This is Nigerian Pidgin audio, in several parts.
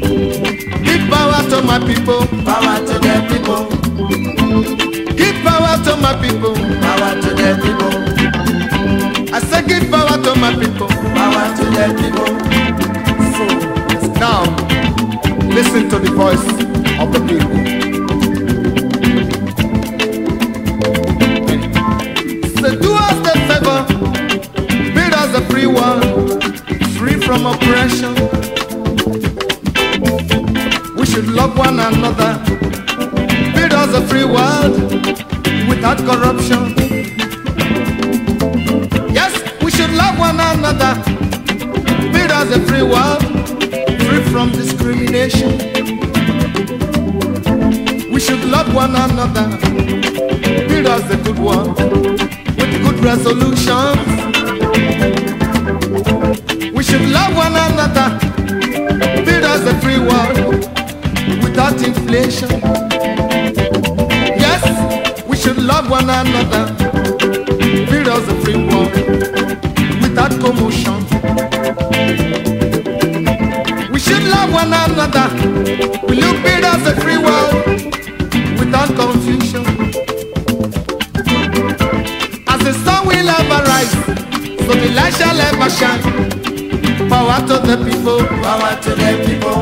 Give power to my people. Power to the people. Give power to my people. Power to the people. I say give power to my people. Power to the people. So now, listen to the voice of the people. So do us the favor, build us a free world, free from oppression. should love one another. Build us a free world without corruption. Yes, we should love one another. Build us a free world free from discrimination. We should love one another. Build us a good world with good resolutions. We should love one another. Build us a free world. inflation. Yes, we should love one another. Build us a free world without commotion. We should love one another. Will you build us a free world without confusion? As the sun will ever rise, so the light shall ever shine. Power to the people, power to the people.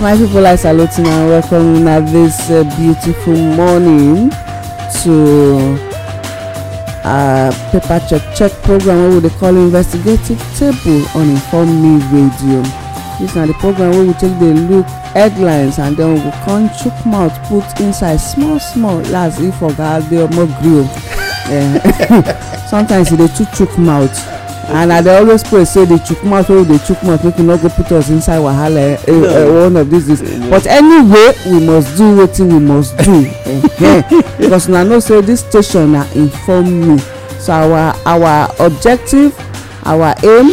right my people i salute you and welcome you na this uh, beautiful morning to uh, paper check check program wey we dey call investigative table on inform me radio this na the program wey we take dey look headlines and then we go come chook mouth put inside small small last if oga adeomo gree o sometimes e dey too chook mouth and i dey always pray say the chukwumot wey we dey chukwumot make e no go put us inside wahala eh, eh, one of these days but anyway we must do wetin we must do because una know say this station na inform me so our our objective our aim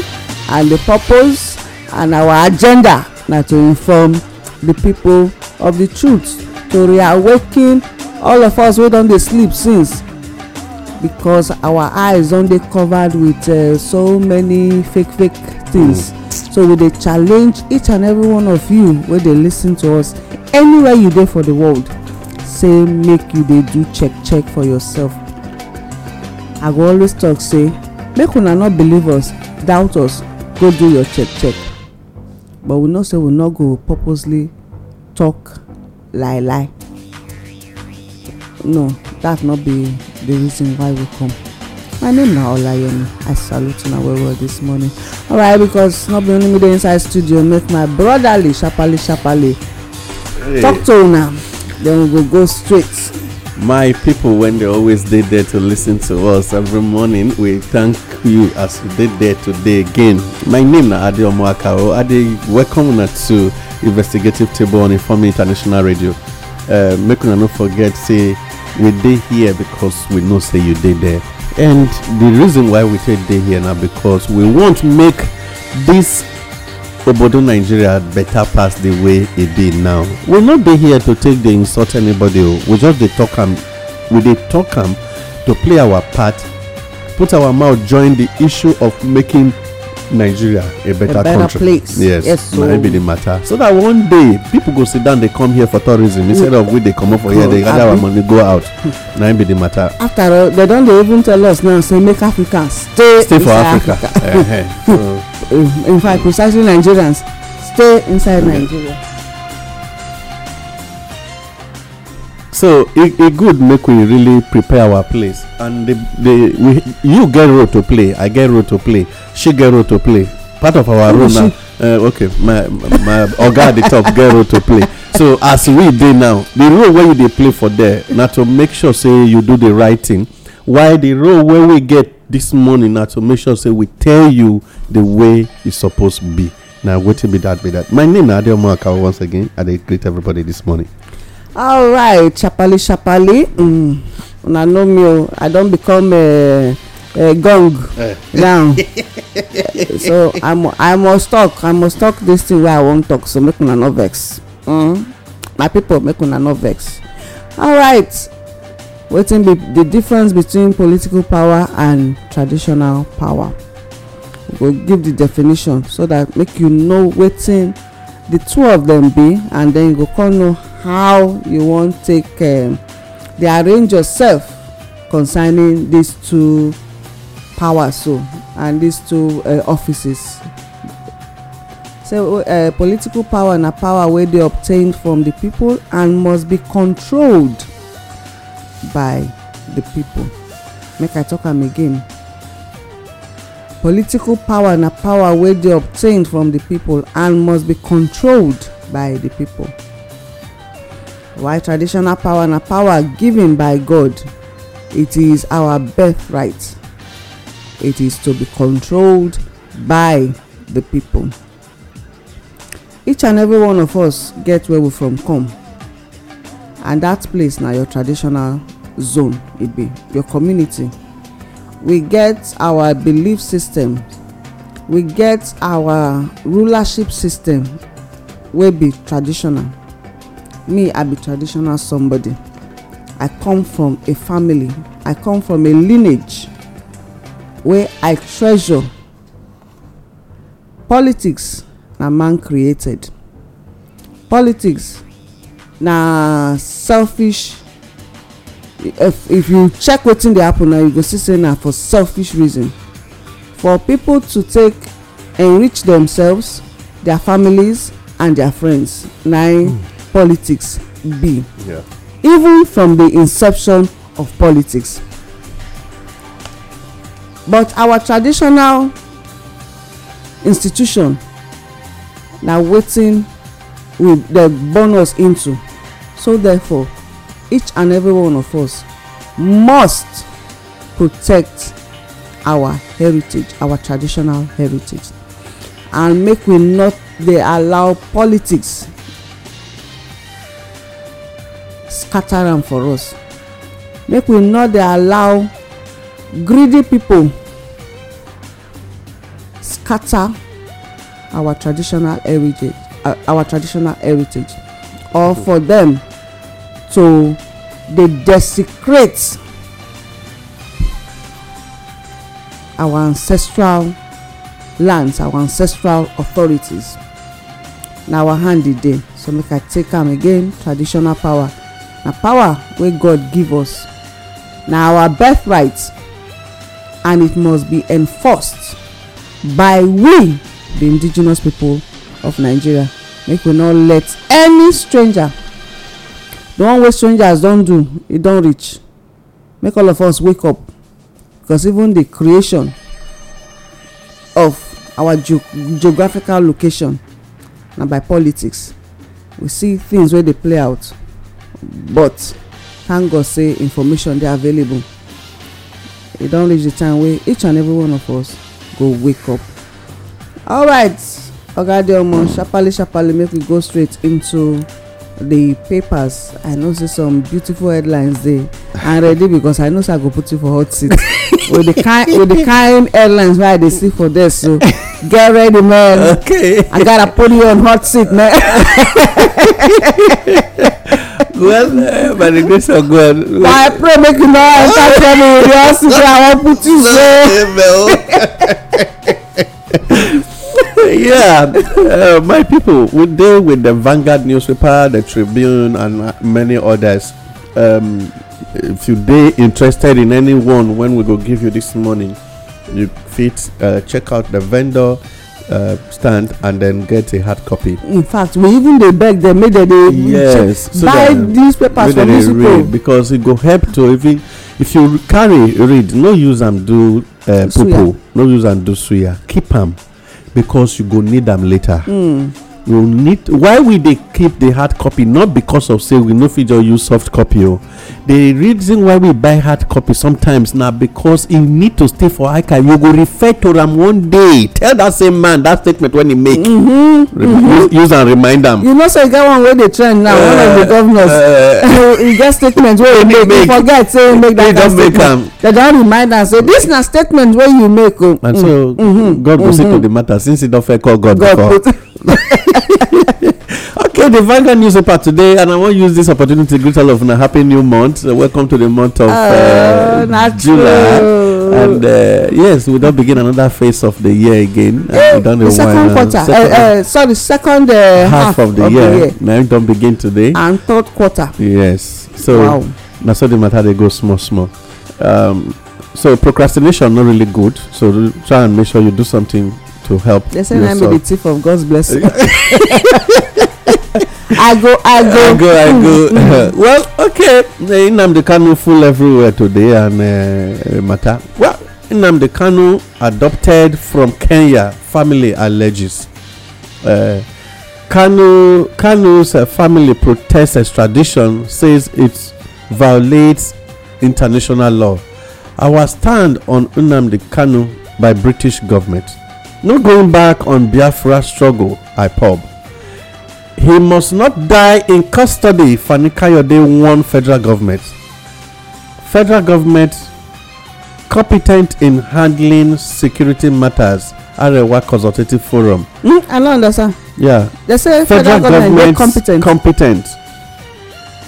and the purpose and our agenda na to inform the people of the truth to reawaken all of us wey don dey sleep since because our eyes don dey covered with uh, so many fake fake things mm. so we dey challenge each and every one of you wey dey lis ten to us anywhere you dey for the world say make you dey do check check for yourself i go always talk say make una no believe us doubt us go do your check check but we know say we no go purposely talk lie lie no that no be the reason why we come. My name na Olayemi. I salute una well well this morning. Alright because no be only me dey inside studio make my brotherly sharparly sharparly hey. talk to una then we go go straight. My people when they always dey there to lis ten to us every morning we thank you as you dey there today again. My name na Adeomo Akaro Ade welcome una to investigative table on Informe International Radio. Uh, make una no forget say we dey here because we know say you dey there and the reason why we say day here now because we want to make this obodo nigeria better pass the way it e be now we not dey here to take the insult anybody we just the talk am we dey talk am to play our part put our mouth join the issue of making nigeria a better, a better country place. yes, yes so. na the matter so that one day people go sit down they come here for tourism instead we, mm. of we come up for here they gather our money go out na be the matter. after all they don't dey even tell us now say make africans stay, stay for africa, africa. uh -huh. so. in fact precisely nigerians stay inside nigeria. so it, e, it e good make we really prepare our place and the, the we, you get role to play i get role to play she get role to play part of our oh, role now uh, okay my my oga at the top get role to play so as we dey now the role wey you dey play for there na to make sure say you do the right thing while the role wey we get this morning na to make sure say we tell you the way e suppose be na wetin be that be that my name na adeomo akawo once again i dey greet everybody this morning all right chapali chapali mm. una know me o i don become uh, uh, gong uh. now so I'm, i must talk i must talk this thing wey i wan talk so make una no vex mm. my people make una no vex all right wetin be the difference between political power and traditional power we go give the definition so that make you know wetin the two of them be and then you go come know how you wan take um, dey arrange yourself concerning these two powers so and these two uh, offices so uh, political power na power wey dey obtained from the people and must be controlled by the people make i talk am again political power na power wey dey obtained from the people and must be controlled by the people While traditional power na power given by God, it is our birthright. It is to be controlled by the people. Each and every one of us get where we from come and that place na your traditional zone it e be your community. We get our belief system we get our rulership system wey be traditional me i be traditional somebody i come from a family i come from a lineage wey i treasure politics na man created politics na selfish if if you check wetin dey happen now you go see say na for selfish reason for people to take enrich themselves their families and their friends na mm politics be yeah. even from the inception of politics but our traditional institution na wetin we dem born us into so therefore each and every one of us must protect our heritage our traditional heritage and make we not dey allow politics scatter am for us make we no dey allow greedy people scatter our traditional heritage uh, our traditional heritage or for them to dey desecrate our ancestral lands our ancestral authorities na our hand e dey so make i take am again traditional power na power wey god give us na our birthright and it must be enforced by we the indigenous people of nigeria make we no let any stranger the one wey strangers don do e don reach make all of us wake up because even the creation of our ge geographical location na by politics we see things wey dey play out but thank god say information dey available e don reach the time wey each and every one of us go wake up All alright oga adeomo sharparly sharparly make we go straight into the papers i know say some beautiful headlines dey i'm ready because i know say i go put you for hot seat with the kind with the kind headlines wey i dey see for there so get ready man okay i gotta put you on hot seat man. Well, eh, but the grace of God. I pray make you no enter trouble with your husband. I wan put you so. yeah, uh, my people, we deal with the Vanguard newspaper, the Tribune, and uh, many others. Um, if you dey interested in anyone when we go give you this morning, you fit uh, check out the vendor uh, stand and then get a hard copy. in fact we even dey beg dem make dem dey yes, so buy these papers for from to people. because e go help to even if you carry read no use am do uh, poo, no use am do suya keep am because you go need am later. Mm you need why we dey keep the hard copy not because of say we no fit just use soft copy o the reason why we buy hard copy sometimes na because e need to stay for archive you go refer to am one day tell that same man that statement wey he make mm-hmm, mm-hmm. use am remind am you know say e get one wey dey trend now one of the eh, governors e get statement wey e make e forget say e make that statement dem don remind am say dis na statement wey you make o and so mm, mm-hmm, god go see to the matter since e don fair call god before okay, the Vanguard newspaper today, and I want to use this opportunity to greet all of you a happy new month. Uh, welcome to the month of oh, uh, uh, July. And uh, yes, we don't begin another phase of the year again. Hey, uh, the second quarter, uh, second, sorry, second half, half, of, the, of year. year. Now it don't begin today. And third quarter. Yes. So wow. now so the matter they go small, small. Um, so procrastination not really good. So try and make sure you do something to help they say yourself. be the thief of god's blessing i go i go i go i go well okay nnamdi kanu full everywhere today and uh, matter well nnamdi kanu adopted from kenya family alleges uh, kanu kanu's uh, family protests extradition says it violates international law our stand on nnamdi kanu by british government No going back on Biafra struggle, I pub. He must not die in custody, Fani Kayode warned federal government. Federal government competent in handling security matters a work Consultative Forum. Mm, I don't understand. Yeah. They say federal, federal government, competent. competent.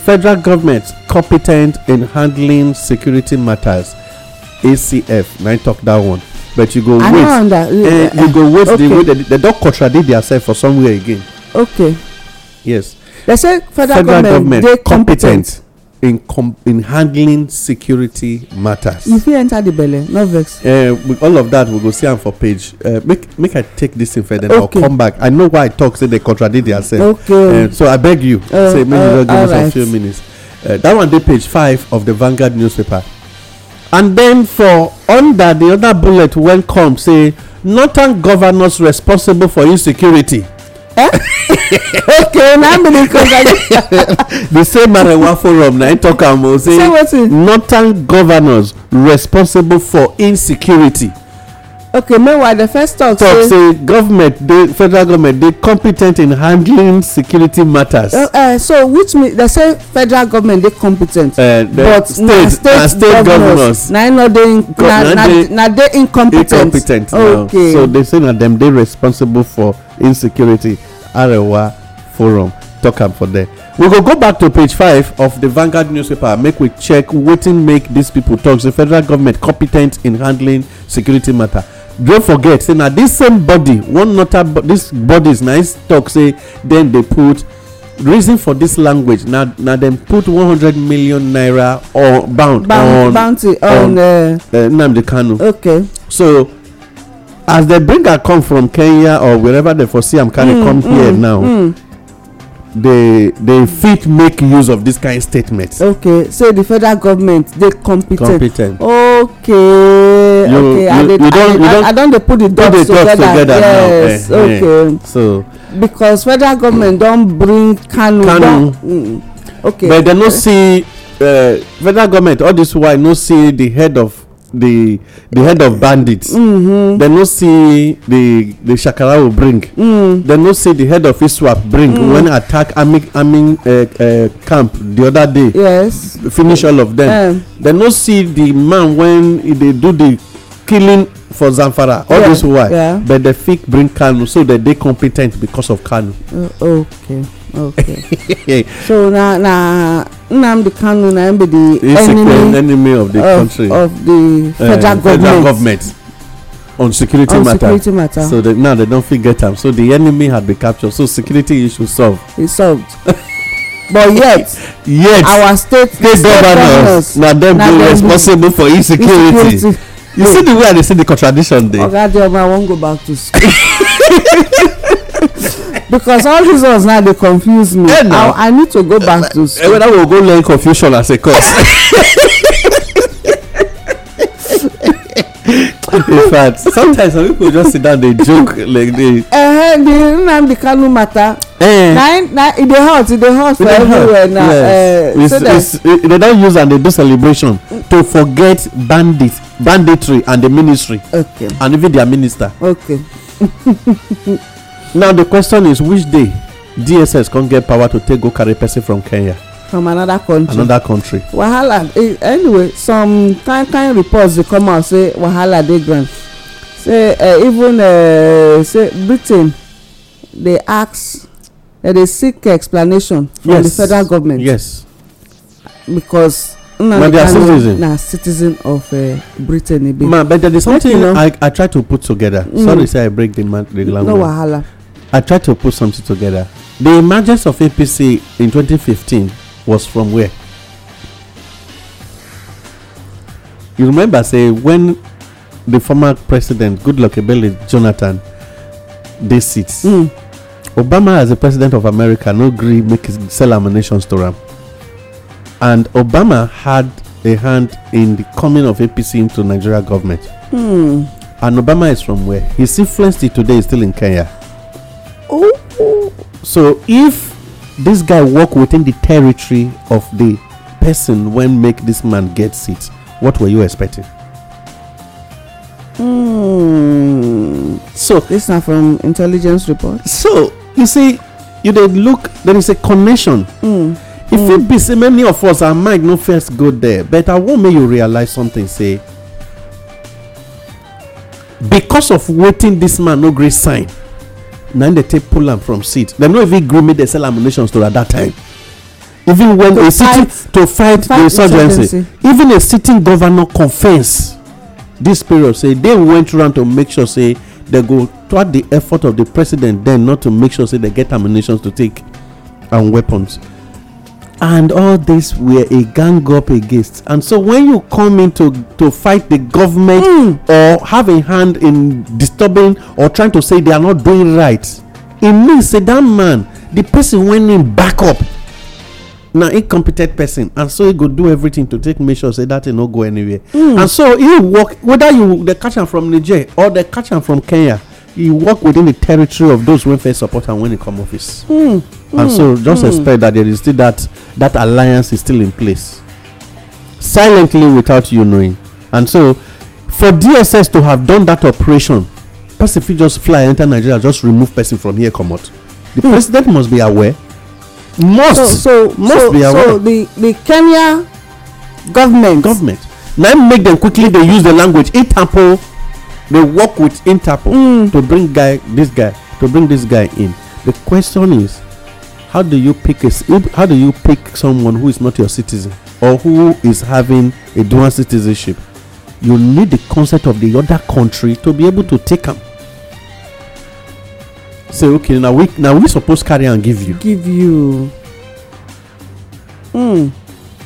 Federal government competent in handling security matters. ACF. Now talk that one but you go I wait uh, you go wait okay. they, wait, they, don't contradict themselves for somewhere again okay yes they say federal, federal government, they competent, competent in com- in handling security matters. you fit enter the belle no vex. Uh, with all of that we go see am for page uh, make make i take this thing further okay. or come back i know why i talk say they contradict themselves. okay uh, so i beg you uh, say make uh, you just uh, give us right. some few minutes uh, that one dey page five of the Vanguard newspaper and then for under the other bullet wey come say northern governors responsible for insecurity eh ok na be di cause the same arewa forum na im tok am o say northern governors responsible for insecurity okay meanwhile the first talk say talk say government dey federal government dey competent in handling security matters uh, uh, so which mean they say federal government dey competent uh, but na state governors na no dey na dey incompetent okay so they say na dem dey responsible for insecurity arewa forum talk am for there we go go back to page five of the vanguard newspaper make we check wetin make these people talk. say federal government competent in handling security matter don't forget say na this same body one nota this bodies na his talk. say then they put reason for this language na dem put one hundred million naira or bound on bounty on uh, uh, nnamdi kanu okay so as dem bring her come from kenya or wherever dem for see am carry mm, come mm, here now mm. they they fit make use of this kind statement okay so the federal government dey competent competent okay okay you, okay you, i dey i don dey put the dots together, together yes now. Eh, eh. okay so because federal government don bring kanu kanu mm, okay but dem no see eh, federal government all this while no see the head of the the head of bandits dem mm-hmm. no see the the shakarawo bring dem mm. no see the head of iswap bring mm. when attack army camp the other day yes finish all of dem dem no see the man when e dey do the killing for zamfara all those why but they fit bring kanu so they dey competent because of kanu uh, okay okay so na na nnamdi kanu na be the enemy of the country of di eh, federal government on security matter so now they don fit get am so the enemy had been captured so security issue solved e solved but yet yet our state state governors na dem dey responsible for insecurity you see the way i dey see the contradiction dey oga dioma i wan go back to school because all these ones now dey confuse me eh, i need to go back to eh, school whether we go learn confusion as a course in fact sometimes some people just sit down dey joke like dey eh the nnamdi kanu matter eh. na na e dey hot e dey hot e for everywhere na eh so that e dey don use am dey do celebration to forget bandits banditry and the ministry okay and even their minister okay now the question is which day dss come get power to take go carry person from kenya from another country another country wahala eh, anyway some kind kind reports dey come out say wahala dey ground say eh, even eh, say britain dey ask dem dey seek explanation from the federal government yes because no, but they are citizen. Nah, citizen of uh, Britain. Ibe. Eh, Ma, but there is something you know. I, I try to put together. Mm. Sorry, say I break the, man, the language. No wahala. I try to put something together. The emergence of APC in 2015 was from where? You remember, say, when the former president, Goodluck Ebele Jonathan, they sit. Mm. Obama, as the president of America, no agree make sell ammunition store Ram. and Obama had a hand in the coming of APC into Nigeria government. Hmm. And Obama is from where? His influence today is still in Kenya. Oh, So if this guy walk within the territory of the person when make this man get it, what were you expecting? Mm. So this is from intelligence report. So you see, you did look. There is a connection. Mm. e fit hmm. be say many of us our mind no first go there but i wan make you realize something say because of wetin this man no gree sign na im dey take pull am from seat dem no even gree make dem sell ammunition store at that time even when a sitting to fight di insurgency even a sitting governor confess this period say they went round to make sure say they go toward the effort of the president then, not to make sure say they get ammunition to take and weapons and all this were a gang up against and so when you come in to to fight the government mm. or have a hand in disturbing or trying to say they are not doing right e mean say that man the person wey him back up na incompetent person and so he go do everything to take make sure say that thing no go anywhere mm. and so he work whether you dey catch am from niger or dey catch am from kenya He work within the territory of those wey first support am when e come office hmm, and so hmm, just hmm. expect that there is still that that alliance is still in place silently without you knowing and so for dss to have done that operation person fit just fly enter nigeria just remove person from here comot the president must be aware must so must be aware so the the kenya government government na make them quickly dey use the language e tamper they work with interpol mm. to bring guy this guy to bring this guy in the question is how do you pick a how do you pick someone who is not your citizen or who is having a dual citizenship you need the consent of the other country to be able to take them say okay now we now we suppose carry and give you give you Hmm.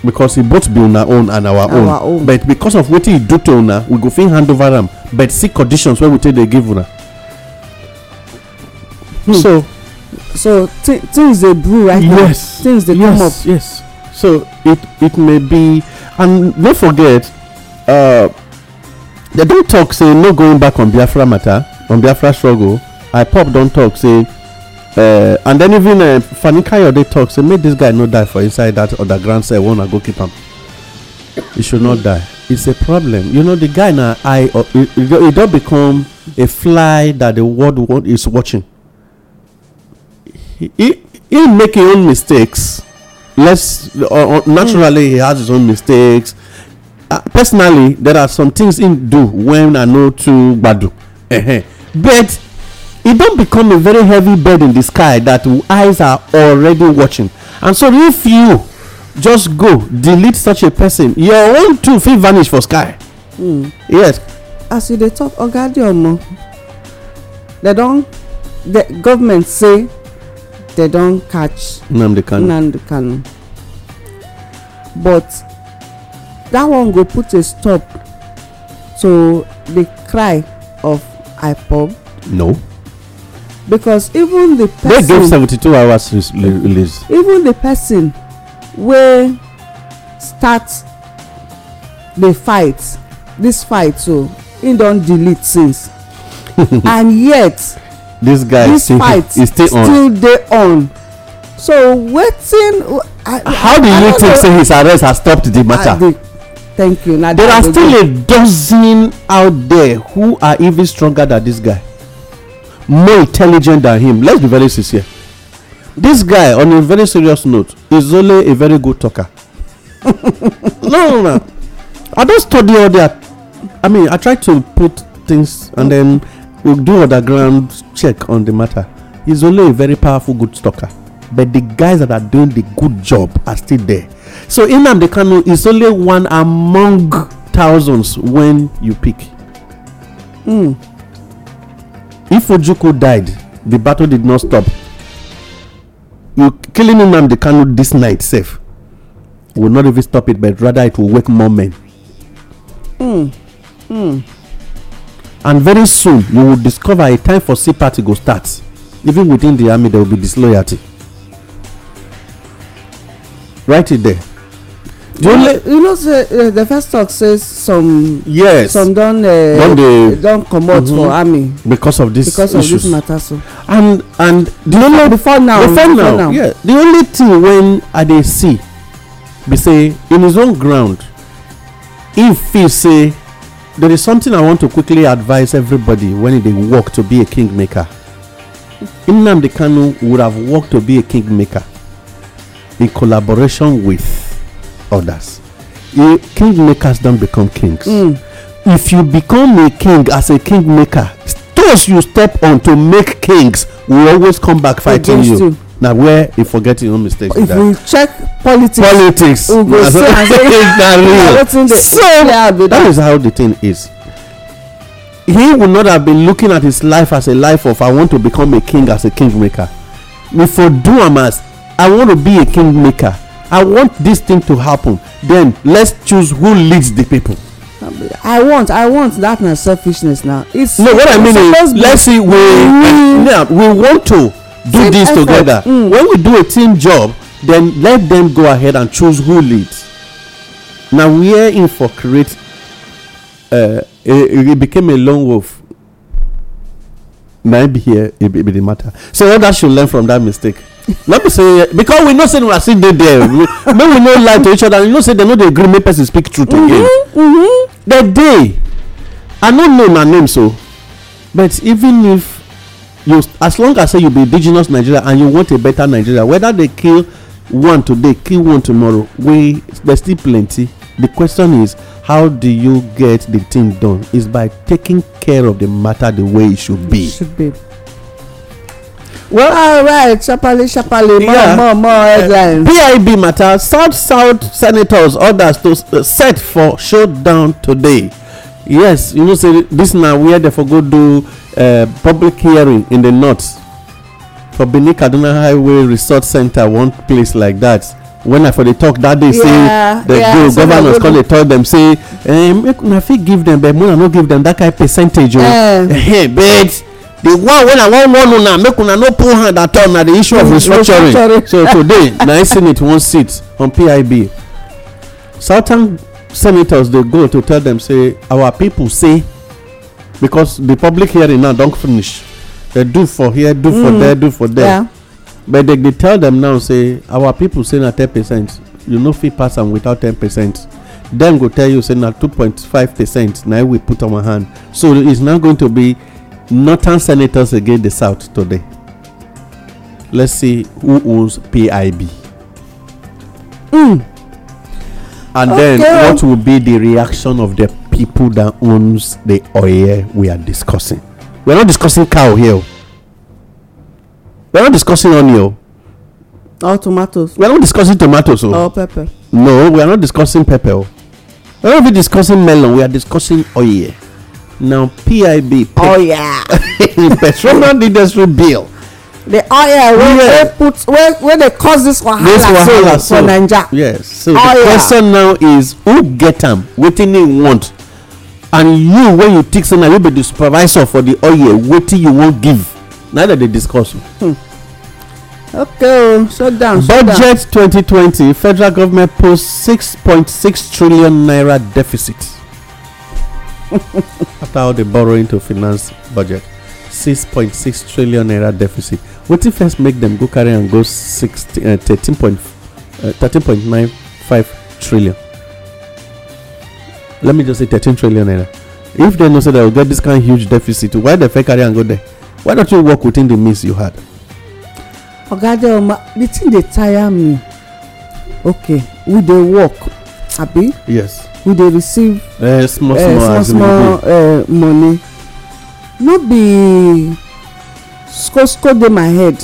because e both be una own and our own but because of wetin e do to una we go fit hand over am but see conditions wey we take dey give una hmm. so so things dey brew right now yes things dey come up yes so it it may be and no forget uh, they don talk. say no going back on biafra matter on biafra struggle ipob don talk. say Eh, and then even eh, fani kayode tok say make this guy no die for inside dat underground cell wanna go keep am He should not die it's a problem you know the guy na eye oh, He don become a fly that the world is watching he he make his own mistakes less uh, uh, naturally he has his own mistakes uh, personally there are some things he do when i no too gbadu but It don become a very heavy bird in the sky that eyes are already watching and so if you just go delete such a person your own too fit vanish for sky hmm. yes as you dey talk oga no dem don government say dem don catch nnamdi kanu but dat one go put a stop to di cry of ipob no because even the person wey give seventy two hours release even the person wey start the fight this fight so he don delete since and yet this guy this still, fight still dey on so wetin. how do you think say his arrest has stopped the ah, matter. thank you na there are still a dozen out there who are even stronger than this guy. more intelligent than him let's be very sincere this guy on a very serious note is only a very good talker no no no i don't study all that i mean i try to put things and then we will do underground check on the matter he's only a very powerful good talker but the guys that are doing the good job are still there so the kanu is only one among thousands when you pick. Mm. if ojukwu died the battle did not stop you killing the kanu this night sef will not even stop it but rather it will wake more men. Mm. Mm. and very soon you will discover a time for sea party go start even within the army there will be disloyalty write it there only you know say eh, the first talk says some yes some don eh, don comot for mm-hmm. army because of this because of this matter so and and the only before now before now yeah the only thing when i dey see be say in his own ground if feel say there is something i want to quickly advise everybody when they work to be a kingmaker the kanu would have worked to be a kingmaker in collaboration with others. Kingmakers don't become kings. Mm. If you become a king as a kingmaker, those you step on to make kings will always come back fighting you. you. na where you forget your own mistakes. if we check politics politics we go see so that is how the thing is he would not have been looking at his life as a life of i want to become a king as a kingmaker we for do am as i want to be a kingmaker i want this thing to happen then let's choose who leads the people i want i want that na selfishness now it's no what i mean is let's see we mm. now we want to do this effort. together mm. when we do a team job then let them go ahead and choose who leads now where in for create uh, it, it became a lone wolf maybe here it be, it be matter so that should learn from that mistake let me say because we know say una still dey there make we no lie to each other you know say dem no dey gree make person speak truth again dem day, i no know na name so but even if you as long as say you be indigenous nigeria and you want a better nigeria whether they kill one today kill one tomorrow we there still plenty the question is how do you get the thing done is by taking care of the matter the way it should be. It should be well alright sharparly sharparly more more more uh, headlines. pib matter south south senators orders to uh, set for showdown today yes you know say this na wia dem for go do uh, public hearing in the north for benin kaduna highway resort center one place like that. When i for dey talk that day say the governors come dey tell dem say eh, make una fit give dem but una no give dem dat kain percentage o oh. eh. but the one wey i wan warn una make una no put hand at all na the issue of restructuring so today na it one seat on pib southern senators dey go to tell dem say our people say because the public hearing now don finish dem do for here do for mm. there do for there but dem dey tell dem now say our people say na ten percent you no fit pass am without ten percent dem go tell you say na two point five percent na we put our hand so it's now going to be northern senators against the south today. Let's see who owns PIB. Mm. And okay. then what will be the reaction of the people that owns the oil we are discussing? We're not discussing cow here. We're not discussing onion. Oh. Or tomatoes. We're not discussing tomatoes. Oh. Or pepper. No, we are not discussing pepper. Oh. We're not discussing melon. We are discussing oil now PIB. Oh yeah. Petroleum industry bill. The oil oh, wey yeah. put wey wey dey cause this wahala so for Naija. Yes. So oil. the oh, question now is who get am wetin im want and you when you think say na you be the supervisor for the oil wetin you wan give na that dey discuss. Hmm. okay oh, so down so budget 2020 federal government post 6.6 trillion naira deficit after all the borrowing to finance budget 6.6 trillion naira deficit What if first make them go carry and go uh, point, 13.95 uh, trillion let me just say 13 trillion naira if they know say they will get this kind huge deficit why dem fit carry and go there why don't you work within the means you had oga adeoma the thing dey tire me okay we dey work abi yes we dey receive eh, eh, small small small eh, money no be skosko dey my head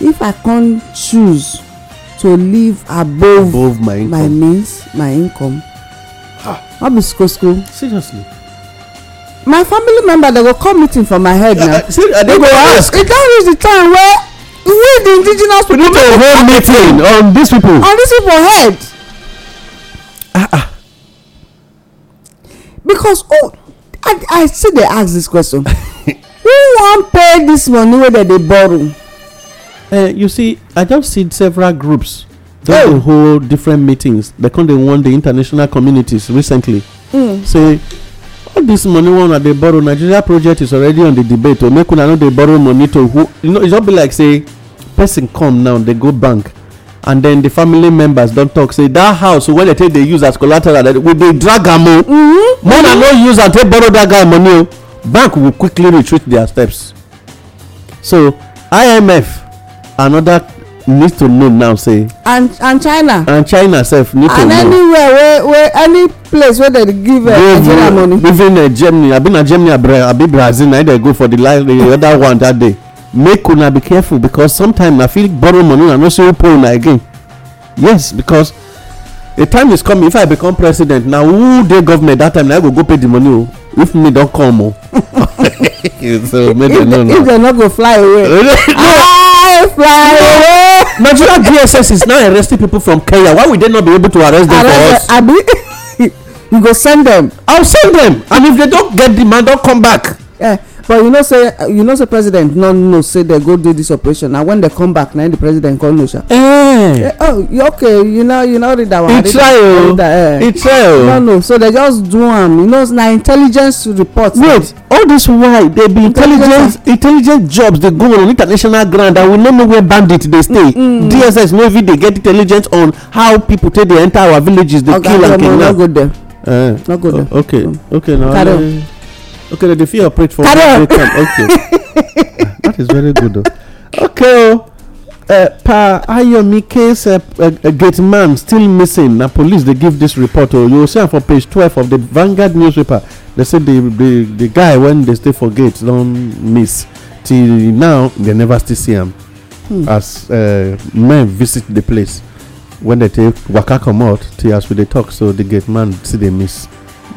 if i con choose to live above my means my income no be skosko seriously my family member dem go come meeting for my head now they go ask e don reach the time wey we the indigenous people need to hold meeting on these people on these people head because oh i i still dey ask this question who wan pay this money wey dem dey borrow Uh, you see i just see several groups don dey oh. hold different meetings dem come dey warn the international communities recently hmm. say all this money wey una dey borrow nigeria project is already on the debate o oh, make una no dey borrow money to who you know e just be like say person come now dey go bank and then the family members don talk. say that house wey dem take dey use as collateral we dey drag am o more mm-hmm. na no use am take borrow that guy money o bank will quickly retreat their steps so imf another need to know now say and and china and china sef need to know and anywhere wey any place wey dem give uh, nigeria money even germany abi na germany abi brazil na e dey go for the The other one that day make una be careful because sometimes i feel borrow money and i no say pay una again yes because the time is coming if i become president na who dey government that time na i go go pay the money o oh. if me don come o. Oh. so make dem know now. if dem no go fly away. i fly away. nigeria dss is now arresting people from kenya why we dey not be able to arrest them for us. abi you go send them. i will send them, and if they don get the man don come back. Yeah but you know say you know say president no know say they go do this operation na when they come back na the president come know sha. eh oh okay you know you know read that one. e try o e try o. no no so they just do am you know na intelligence report. wait all this while they be intelligence intelligence jobs dey go on international ground and we no know where bandits dey stay. dss no fit dey get intelligence on how people take dey enter our villages dey kill and kidnap. oga no go there. no go there. okay okay na. carry okay dem dey fit operate for one day okay that is very good o okay o oh. uh, pa a uh, uh, gate man still missing na police dey give dis report o oh. you see am for page twelve of di vanguard newspaper dey say di guy wen dey stay for gate don miss till now dem never still see am hmm. as men visit di place wen dem take waka comot till as we dey tok so di gate man still dey miss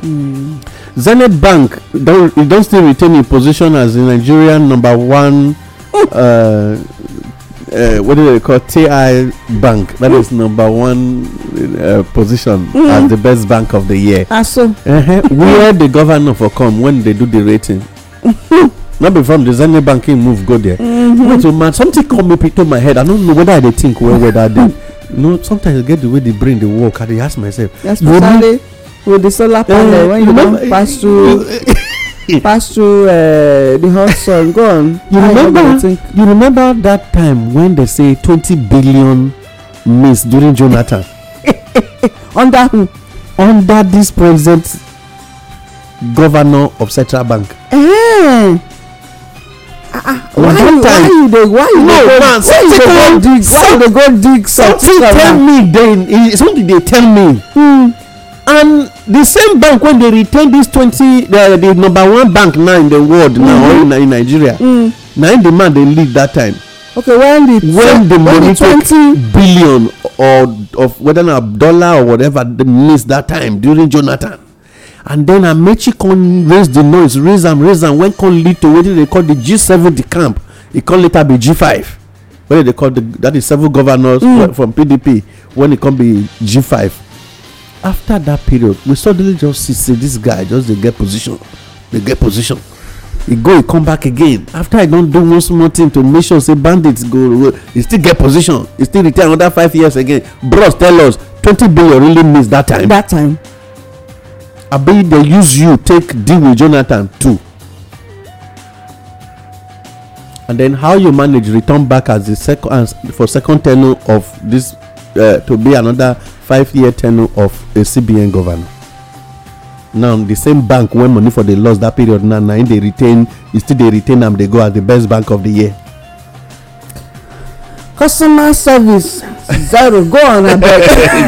Mm. Zenith Bank don't you still retain your position as the Nigerian number one. uh, uh, what do they call TI Bank? That is number one uh, position mm. as the best bank of the year. Aso. Uh-huh. Mm. Where the governor for come when they do the rating? Not be from the Zenith banking move go there. Mm-hmm. Wait a man, something come up into my head. I don't know whether I think well whether I did. no, sometimes I get the way the brain they work. I they ask myself. Yes, Pasale with the solar panel when you don pass through pass through uh, the hot sun go on you remember you remember that time when they say twenty billion miss during jonathan under who under this present governor of central bank. Eh. Uh, why, you, why you dey why you no, dey go why you dey go dig why you dey go dig something tell me then something dey tell me. Hmm and the same bank wey dey retain this twenty the uh, the number one bank now in the world now mm-hmm. in nigeria na im mm. the man dey lead that time okay when the when the money take billion or of whether na dollar or whatever dem miss that time during jonathan and then amechi come raise the noise raise am raise am when come lead to wetin dey call the g the camp e come later be g5 wey dey call the that is seven governors mm. from pdp when e come be g5 after that period we suddenly just see say this guy just dey get position dey get position e go e come back again after i don do one small thing to make sure say bandits go e still get position e still retain another five years again bros tell us twenty billion really miss that time. that time. abi dey use you take deal with jonathan too and then how you manage return back as the second as for second tenure of this uh, to be another five year tenure of a cbn governor now the same bank wey money for the lost that period now na im dey retain e still dey retain am dey go as the best bank of the year. customer service zero go on abeg.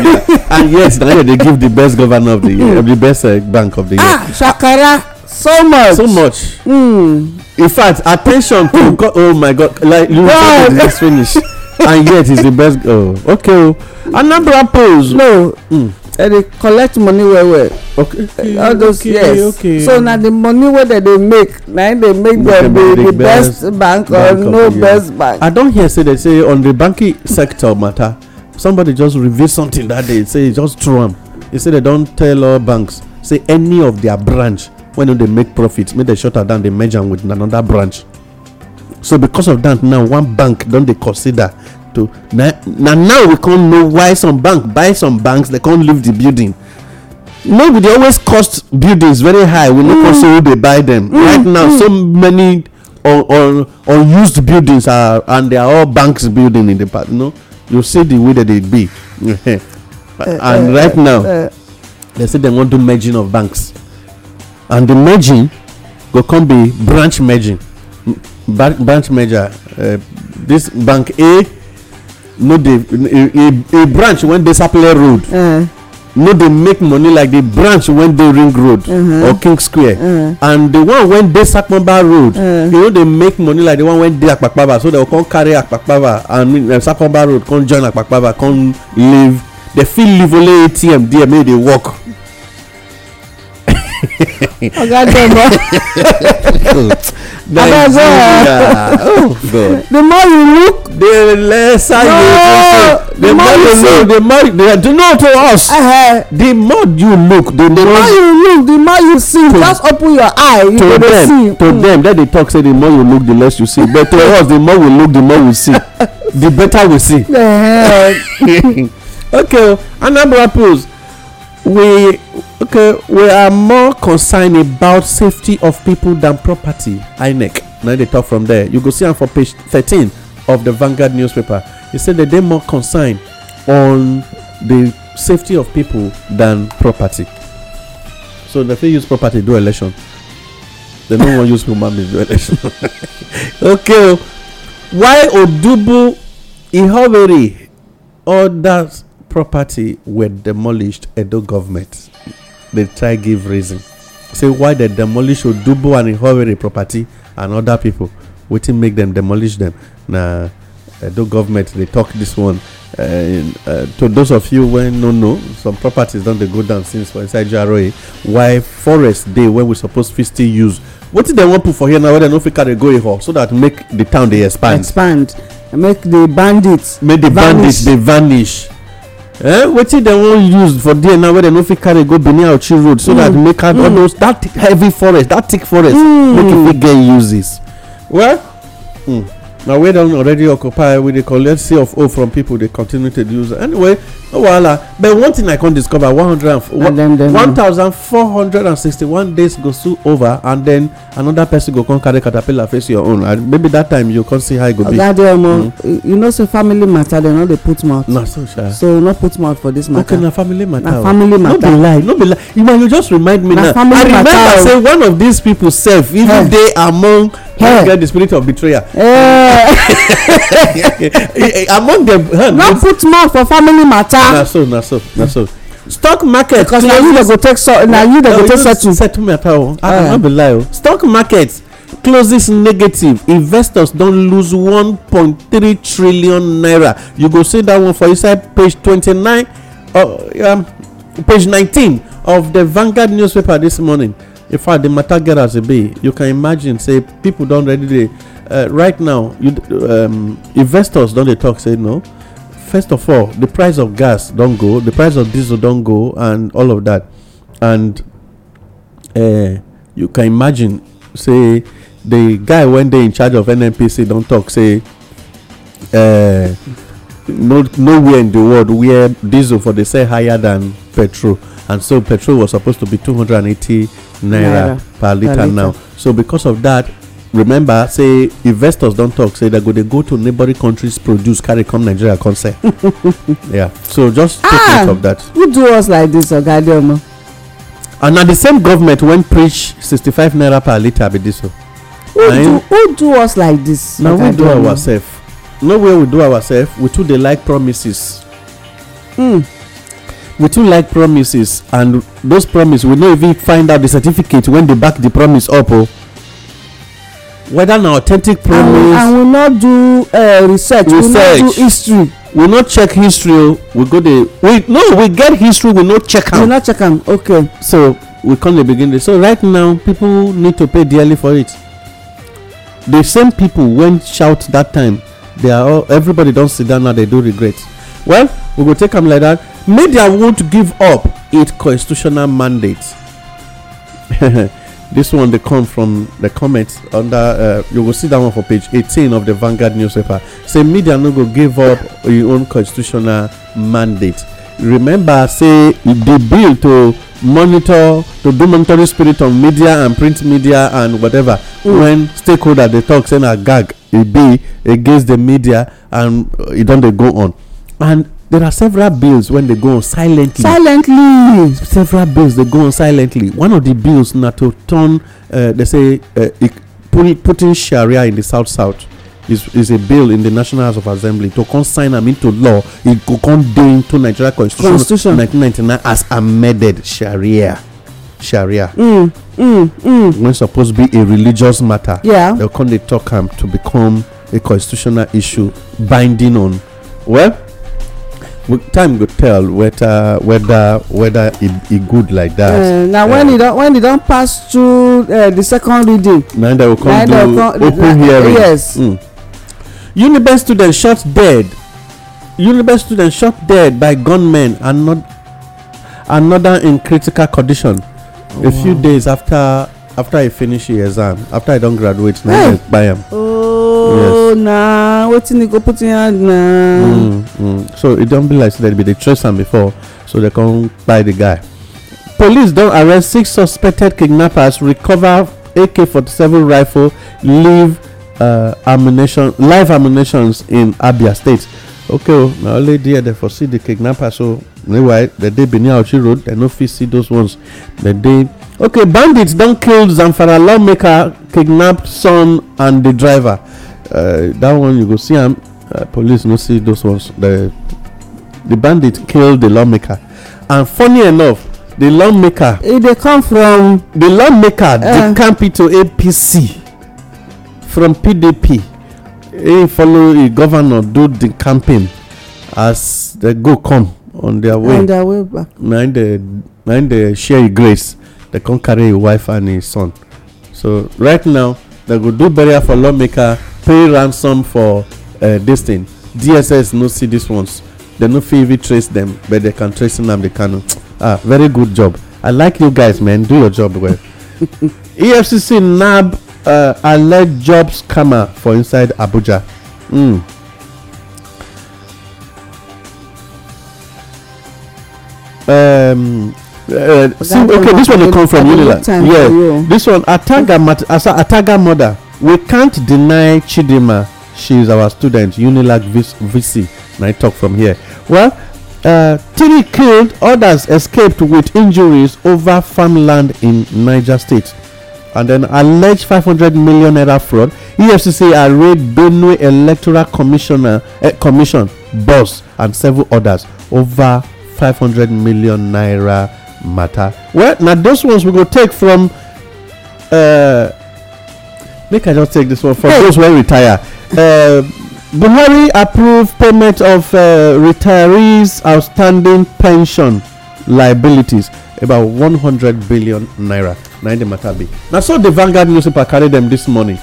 and yes na dem dey give the best governor of the year hmm. the best uh, bank of the year. ah shakara so much. so much. Mm. in fact at ten tion to oh my god like you no fit do finish. and yet he's the best oh okay o oh. anambra pose. no hmm. mm. i dey collect money well well okay, okay eh, all those okay, yes okay. so na the money wey dem dey make na im dey make dem be the, the best, best bank, bank or no best bank. i don hear say they say on the banking sector matter somebody just reveal something that day say just throw am he say they don tell all banks say any of their branch wey no dey make profit make dem shut am down dey merge am with another branch so because of that now one bank don dey consider to na now we come know why some bank buy some banks they come leave the building no we dey always cost buildings very high we no come say who dey buy dem mm, right now mm. so many unused buildings are and they are all banks building in the past you know you see the way that dey be eh, eh, and right now eh. they say they wan do merging of banks and the merging go come be branch merging bank branch eh, merger this bank a no dey a branch wey dey sapele road uh-huh. no dey make money like the branch wey dey ring road uh-huh. or king square uh-huh. and the one wey dey sapaba road e no dey make money like the one wey dey akpakpaba so dem come carry akpakpaba and sapaba road come join akpakpaba come leave dem fit leave only atm there make e dey work oga dem Nigeria. oh God. The more you look. The lesser no, you look. The, the more you look. The more they do not to us. Uh-huh. The more you look. The, the more, more you look. The more you see. To, Just open your eye. You to them. See. To mm. them. That they talk say the more you look the less you see. But to us the more we look the more we see. the better we see. Uh-huh. okay. Oh. Anambra Pools we okay we are more concerned about safety of people than property inec na dey talk from there you go see am for page thirteen of the vanguard newspaper e say dem dey more concerned on the safety of people than property so dem fit use property do election dem no wan use human being do election okay oh. why odubu ihovere odas property were demolished edo government they try give reason say why they demolish odugbo and ihowerri property and other people, wetin make them demolish them. na edo government they talk this one eh, eh, to those of you when no no, some properties don't they go down since for inside jroa why forest Day when we supposed fit still use wetin dem wan put for here now Where they no fit carry go iho so that make the town they expand expand make the bandits vanish make di bandits they vanish eh wetin dem wan use for there now wey dem no fit carry go benin auchi road so mm. that make mm. all those that heavy forest that thick forest mm. make e fit get uses well na wey don already occupy we dey collect sea of o from pipo dey continue to use anyway no wahala but one thing i come discover one hundred one thousand four hundred and sixty-one days go soon over and then another person go come carry caterpillar face your own and maybe that time you come see how e go be oga adeomo hmm. you know say family matter dem no dey put mouth na so sure. so no put mouth for this matter okay na family matter na family matter no be lie no be lie you know you just remind me now i remember say one of these people sef even dey among yeah. get the spirit of betrayal. Yeah. among them. Huh, no put mouth for family matter. na so na so na so. stock market. because na you dey go take so na you dey go take settle. settle matter o i no be lie o. stock market closes negative investors don lose one point three trillion naira you go see that one for inside page twenty-nine uh, um, page nineteen of the Vanguard newspaper this morning. in fact the matter get as e be you can imagine say people don ready dey uh, right now you um, investors don dey talk say no first of all the price of gas don go the price of diesel don go and all of that and uh, you can imagine say the guy wey dey in charge of nnpc don talk say uh, no nowhere in the world where diesel for dey sell higher than petrol and so petrol was supposed to be 280 naira per liter now so because of that remember say investors don talk say dem go dey go to neighboring countries produce carry come nigeria come sell yeah so just take ah! note of that who do us like this, oga adeoma and na the same government wen preach sixty five naira per liter, be this. Oh. o who do us like this? na we do ourself no where we do ourself we too dey like promises hmm we too like promises and those promises we no even find out the certificate when they back the promise up o oh. whether na authentic promise and we not eh, do research we not do history we no check history o oh. we go dey no we get history we no check am we no check am okay. so we come dey begin dey so right now people need to pay dearly for it the same people when shout that time they are all everybody don sit down now they do regret well we go take am like that media won't give up its constitutional mandate this one they come from the comments under uh, you will see that one for page 18 of the vanguard newspaper say media no go give up your own constitutional mandate remember say the bill to monitor to do monitoring spirit on media and print media and whatever mm. when stakeholder dey talk say a gag it e be against the media and it uh, e don't they go on and there are several bills when they go on silently. silently. several bills they go on silently one of the bills na to turn uh, they say uh, putting sharia in the south south is is a bill in the national house of assembly to come sign am into law e go come dey into nigeria constitution, constitution. 1999 as amended sharia sharia. Mm, mm, mm. when suppose be a religious matter. Yeah. dem come dey talk am to become a constitutional issue binding on well time go tell whether whether whether e good like that. Uh, na when e don when e don pass through eh, the second reading. na dem go come do open hearing. yes. Hmm. University student shot dead University student shot dead by gunmen and not another in critical condition a few days after after I finish e exam after I don graduate na e expire am oh na wetin e go put in hand na. Mm, mm. so e don be like say dem bin dey trace am before so dem come kpai the guy. police don arrest six suspected kidnappers recover ak-47 rifle leave uh, ammunition live ammunitions in abia state okay o oh, na only there dem for see the kidnappers o meanwhile dem dey benin auchi road dem no fit see those ones dem dey. okay bandits don kill zamfara lawmaker kidnap son and the driver Uh, that one you go see am uh, police no see those ones the the bandit kill the lawmaker and funny enough the lawmaker e dey come from the lawmaker uh, dey camp to apc from pdp e follow the governor do the campaign as they go come on their way on their way back na im dey share e grace dem come carry e wife and e son so right now dem go do burial for lawmaker pay ransom for uh, this thing dss no see this ones They no fit even trace them, but they can trace them. nnamdi can. ah very good job i like you guys man do your job well efcc nab uh, alleged job scammer for inside abuja mm. um, uh, see, okay, this one will come from Unila. Yeah, this one Ataga, Mat- uh, Ataga mother we can't deny chidima she is our student unilag vc and i talk from here well uh, three killed others escaped with injuries over farmland in niger state and then alleged 500 million naira fraud efcc arraigned benue electoral commissioner uh, commission boss and several others over 500 million naira matter well now those ones we go take from uh, make i just take this one for those wey retire uh, buhari approve payment of uh, retirees outstanding pension liabilities about one hundred billion naira na im dey matter be na so di vanguard newspaper carry them this morning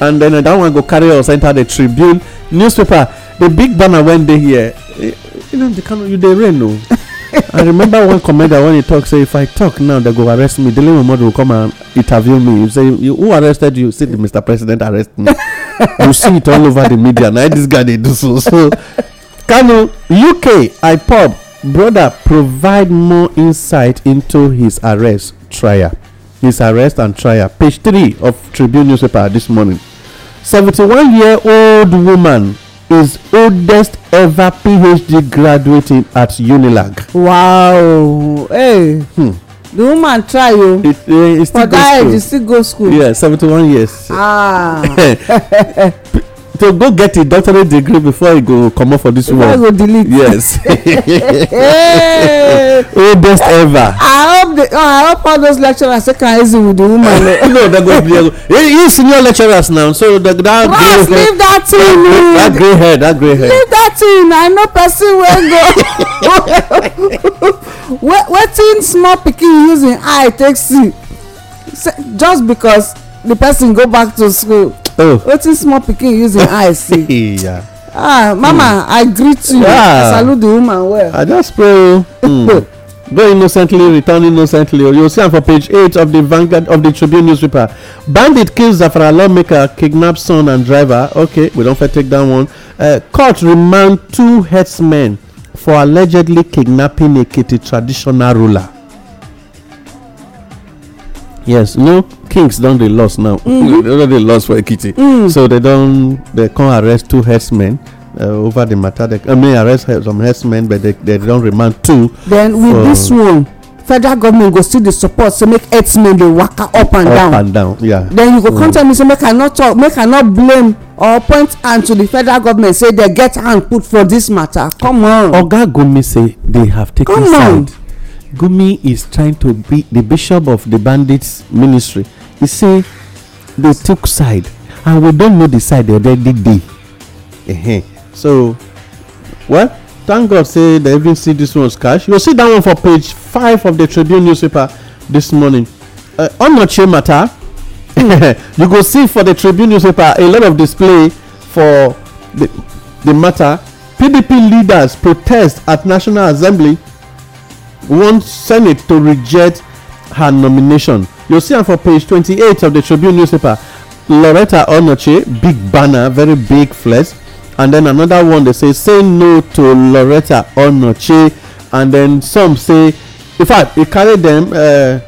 and then uh, that one go carry us enter di tribune newspaper The big banner wey dey here eh, you know you dey rain o i remember one commander when he talk say if i talk now they go arrest me the dele momodu go come and interview me he say who arrested you say the mr president arrest me you see it all over the media na this guy dey do so so kanu uk ipob brother provide more insight into his arrest trial his arrest and trial page three of tribune newspaper this morning seventy-one year old woman is oldest ever phd graduate at unilag. wow hey. Hmm. the woman try o. it uh, it still go school for that age she still go school. yeah seventy-one years. ah. to go get a doctorate degree before e go comot for this world before go delete yes oh, Best ever i hope the oh, i hope all those lecturers take am easy with the woman no that go be you senior lecturers now so that that Ross, leave that thing that grey hair that grey hair leave that thing i know person wey go wetin small pikin use im eye take see just because the person go back to school oh wetin small pikin use im eye see ah mama hmm. i greet you Yeah, i salute the woman well i just pray o oh. go hmm. innocently return innocently o oh, you see am for page eight of the vanguard of the tribune newspaper bandit kill zafara lawmaker kidnap son and driver okay we don fit take that one uh, court remand two herdsmen for allegedly kidnapping a kiti traditional ruler yes no kings don dey lost now dem mm-hmm. don dey lost for ekiti mm. so they don They come arrest two herdsmen uh, over the matter i mean arrest some herdsmen but they they don remand two then with this one federal government go still dey support say make herdsmen dey waka up and down up and down yeah then you go come mm. tell me say make i not talk make i not blame or point hand to the federal government say they get hand put for this matter come on oga gomi say dey have taken side Gumi is trying to be the bishop of the bandits ministry. He say they took side and we don't know the side they already dey. Uh-huh. So well thank God say they even see this one's cash. You'll see that one for page five of the Tribune newspaper this morning. Uh, on Noche matter, you go see for the Tribune newspaper a lot of display for the, the matter. PDP leaders protest at National Assembly want senate to reject her nomination you'll see am for page 28 of the tribune newspaper loretta onoche big banner very big flesh, and then another one they say say no to loretta onoche and then some say in fact it carried them. uh,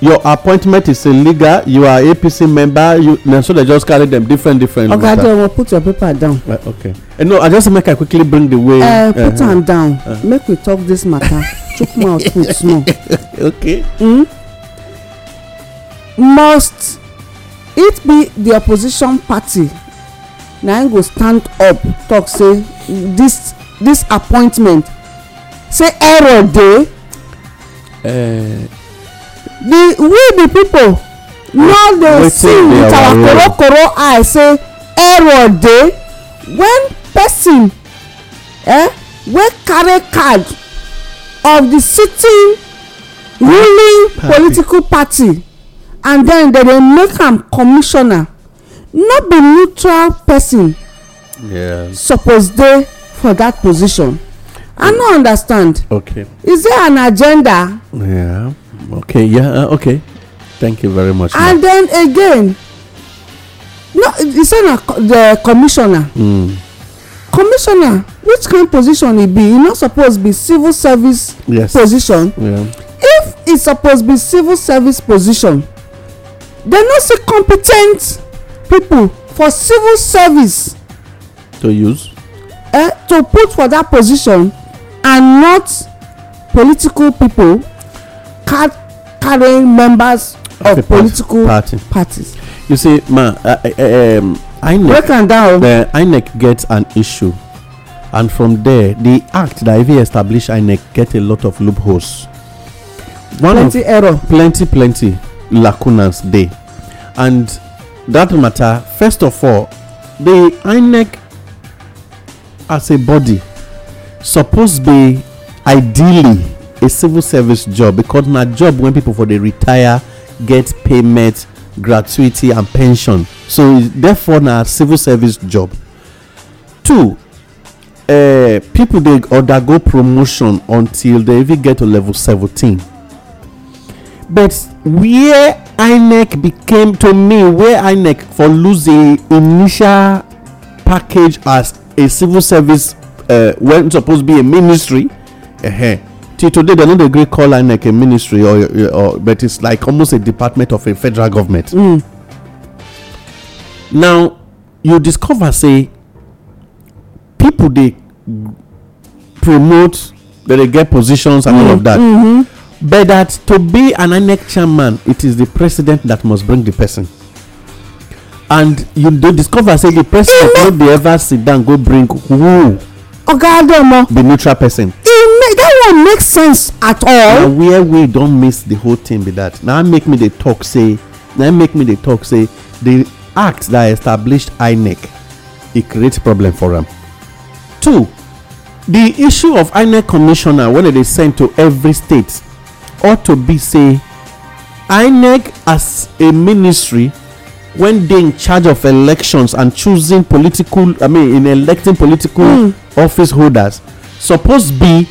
your appointment is illegal you are apc member you na so they just carry them. different different. oga okay, adeowo put your paper down. Uh, okay uh, no i just make i quickly bring the way. Uh, uh put am uh -huh. down uh -huh. make we talk this matter. chook mouth with small okay mm? must it be the opposition party na im go stand up talk say this this appointment say error dey uh, the we the people no dey ah, see with our korokoro eye say error dey when person eh, wey carry card of the sitting ruling party. political party and then they dey make am commissioner no be neutral person yeah. suppose dey for that position i no understand okay is there an agenda yeah okay yeah uh, okay thank you very much and ma. then again no you say na the commissioner mm commissioner which kind position e be e no suppose be civil service position if e suppose be civil service position dem no see competent people for civil service to use eh to put for that position and not political people, pipo carrying members of political parties you see ma eh, eh, eh, um, break am down inec gets an issue and from there the act that even establish inec get a lot of loopholes one plenty error plenty plenty lacunas there, and that matter first of all the inec as a body supposed be ideally a civil service job because my job when people for dey retire get payment gratuity and pension so therefore na civil service job two eh, people dey undergo promotion until they even get to level seventeen. but where inec became to me where inec for lose the initial package as a civil service eh, when suppose be a ministry uh -huh till today they no dey gree call inec a ministry or or but it's like almost a department of a federal government mm. now you discover say people dey promote they dey get positions and all of mm, that mm-hmm. but that to be an inec chairman it is the president that must bring the person and you dey discover say the president no dey ever sit down go bring who oga adomo the neutral person one make sense at all. na where we don miss the whole thing be that na make me dey talk say na make me dey talk say the act that established inec e create problem for am two the issue of inec commissioner wey dem dey send to every state ought to be say inec as a ministry when dey in charge of elections and choosing political i mean in electing political mm. office holders suppose be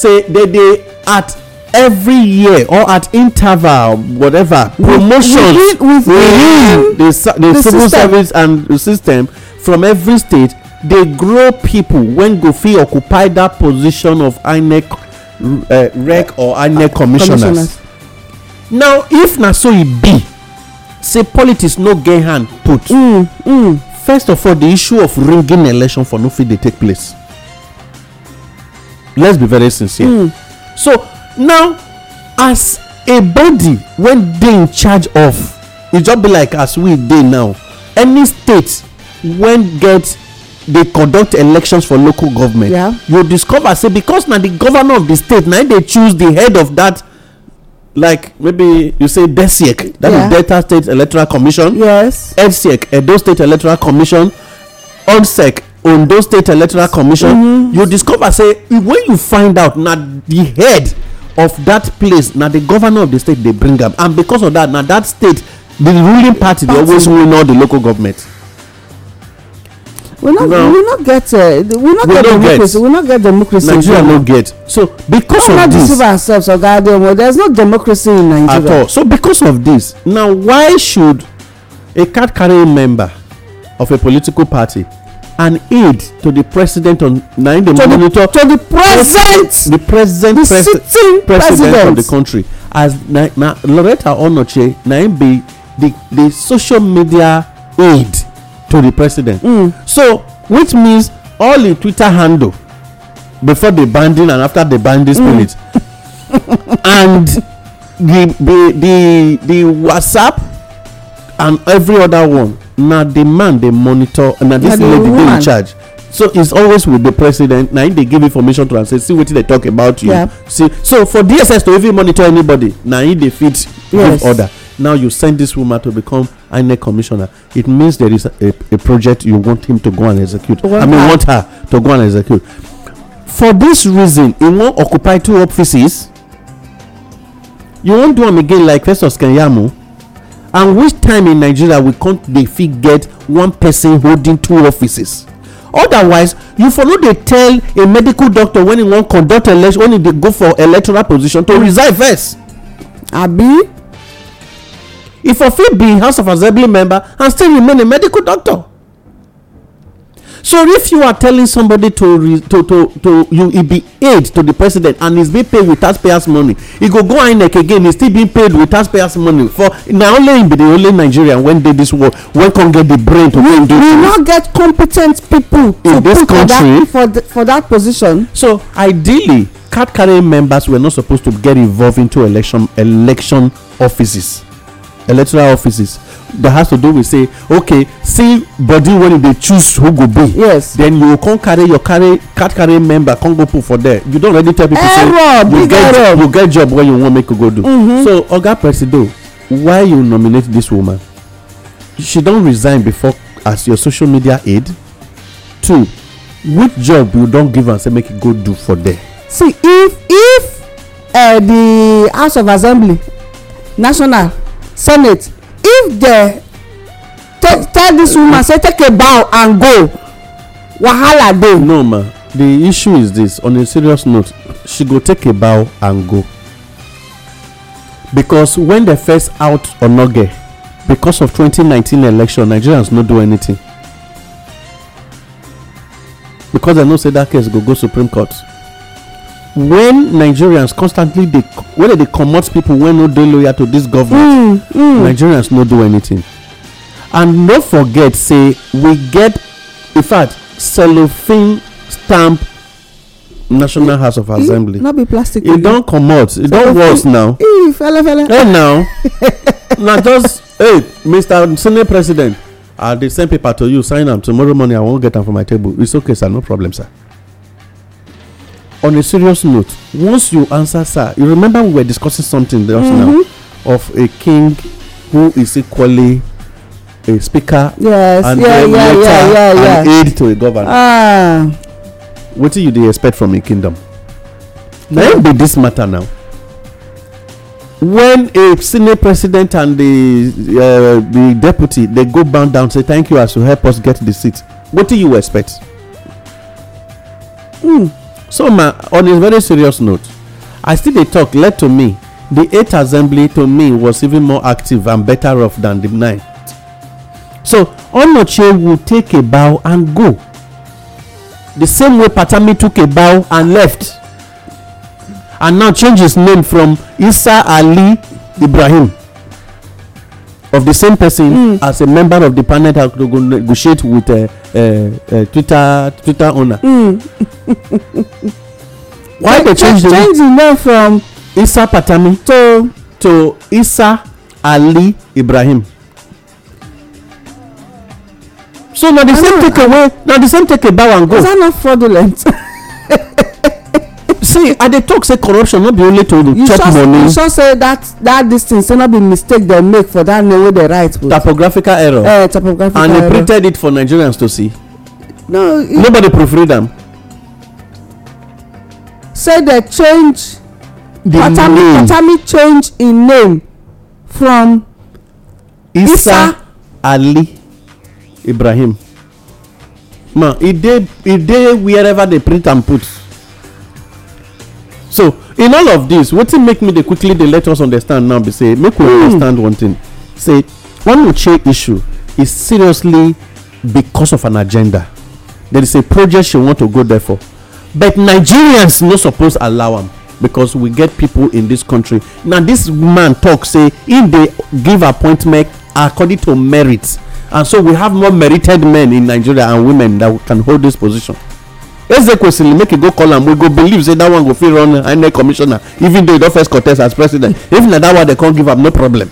say they dey at every year or at interval whatever promotions within the the civil service and the system from every state dey grow people wen go fit occupy that position of inec uh, rec or inec uh, commissioners now if na so e be say politics no get hand put mm, mm. first of all the issue of ringing election for no fit dey take place let's be very sincere mm. so now as a body wey dey in charge of e just be like as we dey now any state wey get dey conduct elections for local government you discover say because na the governor of the state na dey choose the head of that like maybe you say DSEC that is Delta State Electoral Commission yes FSEC Edo State Electoral Commission ONSEC ondo state electoral commission mm-hmm. you discover say when you find out na the head of that place na the governor of the state dey bring am and because of that na that state the ruling party dey always win all the local government. we no get uh, we no get democracy we no get democracy nigeria no get so because of this We deceive ourselves oga adeomo there is no democracy in nigeria at all so because of this now why should a card carrying member of a political party an aid to the president on na im dey monitor to the present the present the pres president, president of the country as na na loretta onoche na im be the the social media aid to the president. Mm. so which means all the twitter handle before the banding and after the banding mm. spirit mm. and the the the the whatsapp and every other one na the man dey monitor na dis lady dey in charge so it's always with the president na him dey give information to am say see wetin dey talk about you see so for dss to even monitor anybody na him dey fit give order now you send this woman to become INEC commissioner, it means there is a, a, project you want him to go and execute. Well, I mean, I want her to go and execute. For this reason, he won't occupy two offices. You won't do him again like Festus Kenyamu and which time in nigeria we come dey fit get one person holding two offices otherwise you for no dey tell a medical doctor when he wan conduct election when e dey go for electoral position to resign first abi if for fit be house of assembly member and still remain a medical doctor So if you are telling somebody to re, to to to you it be aid to the president and he's being paid with taxpayers' money, he go go INEC again. He's still being paid with taxpayers' money for na only him be the only Nigerian when dey this world when come get the brain to we, do we this. not get competent people in this country for that, for, the, for that position. So ideally, card carrying members were not supposed to get involved into election election offices electoral offices that has to do with say okay see body when they choose who go be yes then you come carry your carry card carry member come go put for there you don already tell people error, say eh, you get error. you get job wey you wan make you go do mm -hmm. so oga presido why you nominate this woman she don resign before as your social media aide two which job you don give am say make you go do for there. see if if uh, the house of assembly national senate if dem tell this woman say take a bow and go wahala dey no ma the issue is this. on a serious note she go take a bow and go because when they first out onoge because of 2019 election nigerians no do anything because I know say that case go go supreme court when nigerians constantly dey whether dey comot people, wey no dey loyal to this government mm, mm. nigerians no do anything and no forget say we get in fact cellophane stamp national eh, house of assembly eh, not be plastic e don comot e don worse now eh now na just hey mr senate president i dey send paper to you sign am tomorrow morning i wan get am for my table it's okay sir no problem sir on a serious note, once you answer, sir, you remember we were discussing something just mm -hmm. now of a king who is equally a speaker yes, and yeah, a yeah, yeah, yeah, yeah. and aide to a governor. Ah. What do you they expect from a kingdom? Now yeah. be this matter now. When a senate president and the uh, the deputy they go bow down say thank you as you help us get the seat, what do you expect? Mm so my on a very serious note i still dey talk led to me the eighth assembly to me was even more active and better off than the ninth so onoche will take a bow and go the same way patami took a bow and left and now change his name from isa ali ibrahim of the same person mm. as a member of the panel that negotiate with uh, uh, Twitter Twitter owner. Mm. Why they change the change the name from Isa Patami to to Isa Ali Ibrahim. So now the same take away Now the same take a bow and go. Is that not fraudulent? see i dey talk say corruption no be only to dey chop money you sure say that that this thing say no be mistake dem make for that name wey dem write with typographical error eh, and they printed it for nigerians to see no nobody proofread am say they change the patami change im name from isa ali ibrahim ma e dey e wherever they print am put so in all of this wetin make me dey quickly dey let us understand now be say make we hmm. understand one thing say one uche issue is seriously because of an agenda there is a project she want to go there for but nigerians no suppose allow am because we get people in this country Now this man talk say im dey give appointment according to merit and so we have more merited men in nigeria and women that can hold this position ezekwesili make e go call am we go believe say dat one go fit run inec commissioner even though e don first contest as president if na dat one dem come give am no problem